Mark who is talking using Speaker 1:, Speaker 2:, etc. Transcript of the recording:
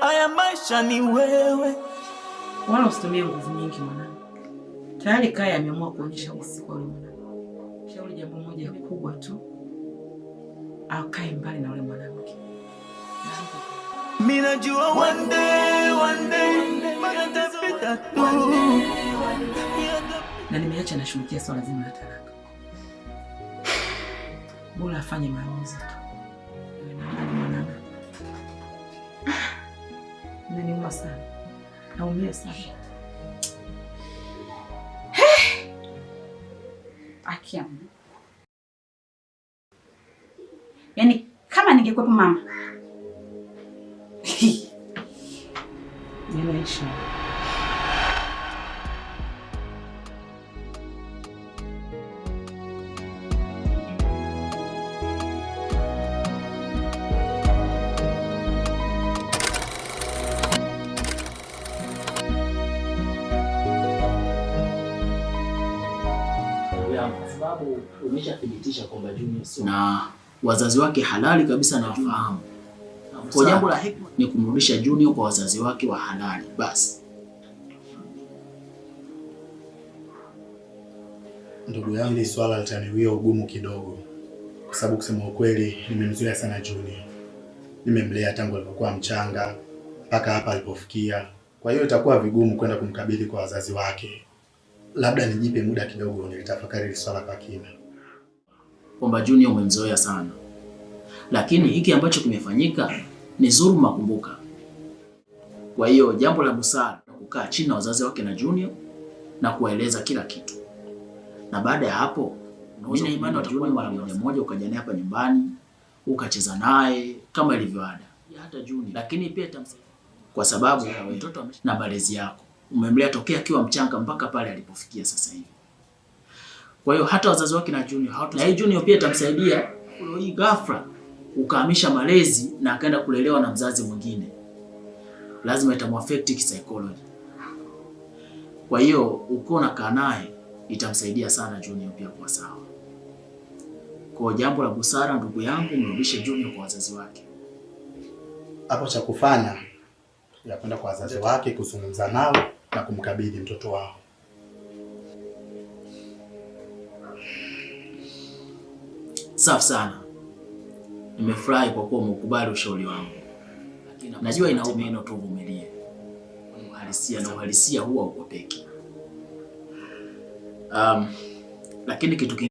Speaker 1: Haya maisha ni wewe, wala usitumie nguvu nyingi mwanangu. Tayari Kaya ameamua kuonyesha usiku ule mwanangu. Shauri jambo moja kubwa tu, akae mbali na ule mwanamke. Mimi najua one day, one day, na nimeacha nashughulikia swala zima la talaka bora afanye maamuzi tu. Mwanangu naniuma sana, naumia sana.
Speaker 2: Akia, yaani kama ningekuwepo mama
Speaker 1: ninaisha
Speaker 3: kwa sababu kwamba Junior sio.
Speaker 4: Na wazazi wake halali kabisa wafahamu. Kwa jambo la hekima ni kumrudisha Junior kwa wazazi wake wa halali basi.
Speaker 5: Ndugu yangu, swala litaniwia ugumu kidogo, kwa sababu kusema ukweli, nimemzuia sana Junior. Nimemlea tangu alipokuwa mchanga mpaka hapa alipofikia, kwa hiyo itakuwa vigumu kwenda kumkabidhi kwa wazazi wake labda nijipe muda kidogo nilitafakari hili swala kwa kina.
Speaker 4: Kwamba Junior umemzoea sana, lakini hiki ambacho kimefanyika ni dhuluma, kumbuka. Kwa hiyo jambo la busara kukaa chini na wazazi wake na Junior na kuwaeleza kila kitu, na baada ya hapo na imani watakuwa mara moja moja, ukaja naye hapa nyumbani ukacheza naye kama ilivyo ada, hata Junior, lakini pia kwa sababu mtoto na malezi yako umemlea tokea akiwa mchanga mpaka pale alipofikia sasa hivi. Kwa hiyo hata wazazi wake na Junior hawatu. Na hii Junior pia itamsaidia hii ghafla ukahamisha malezi na akaenda kulelewa na mzazi mwingine, lazima itamwafekti kisaikoloji. Kwa hiyo uko na kaa naye itamsaidia sana Junior pia kuwa sawa. Kwa jambo la busara, ndugu yangu, mrudishe Junior kwa wazazi wake.
Speaker 5: Hapo cha kufanya ya kwenda kwa wazazi wake kuzungumza nao na kumkabidhi mtoto wao.
Speaker 4: Safi sana, nimefurahi kwa kuwa umekubali ushauri wangu. Najua umeno tu, tuvumilie. Uhalisia na uhalisia huwa ukopeki. Um, lakini kitu